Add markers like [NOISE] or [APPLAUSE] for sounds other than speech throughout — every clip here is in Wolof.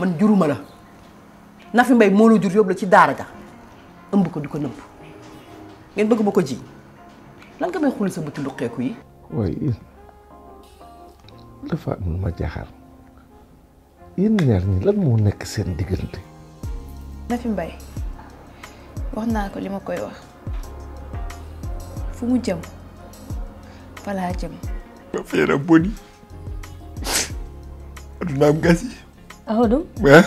man juruma la Nafi mbay moo la jur yóbbu la ci daara ja ëmb ko di ko nëbb ngeen bëgg ko ji lan nga may xuli sa bëti luqeeku yi waaye dafa am ma jaaxal yéen ñaar ñi lan moo nekk seen diggante Nafi Mbaye wax naa ko li ma koy wax fu mu jëm falaa jëm nga feera boni adunaam gas yi Ahodou. Eh?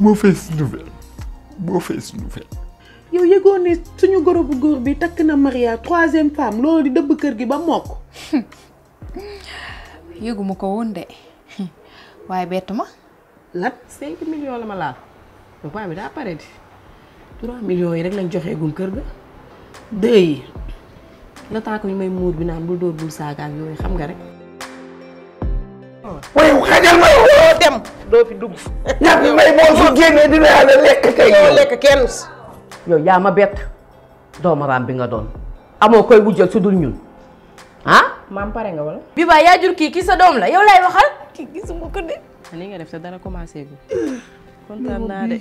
mauvaise nouvelle mauvaise nouvelle. yow yëgoon ne suñu goro bu góor bi takk na Maria troisième femme loolu di dëbb kër gi ba mokk. [LAUGHS] yëguma ko woon de [LAUGHS] waaye bettu ma. lan cinq millions la ma laal. donc waaye bi daa pare di. trois millions yi rek lañ joxee gum kër ga. deux yi. la taa ko ñu may muur bi naan bul dóor bul saagaak yooyu xam nga rek. waaye xajal ma yow. dem doo fi dugg. ñàkk may boo lekk tey. doo yow yaa ma bett doomaraam bi nga doon amoo koy wujjal su dul ñun ah. maam pare nga wala. bi ba yaa jur kii kii sa doom la yow laay waxal. kii gisuma ko de. ni nga def te dara commencé gu. kontaan naa de.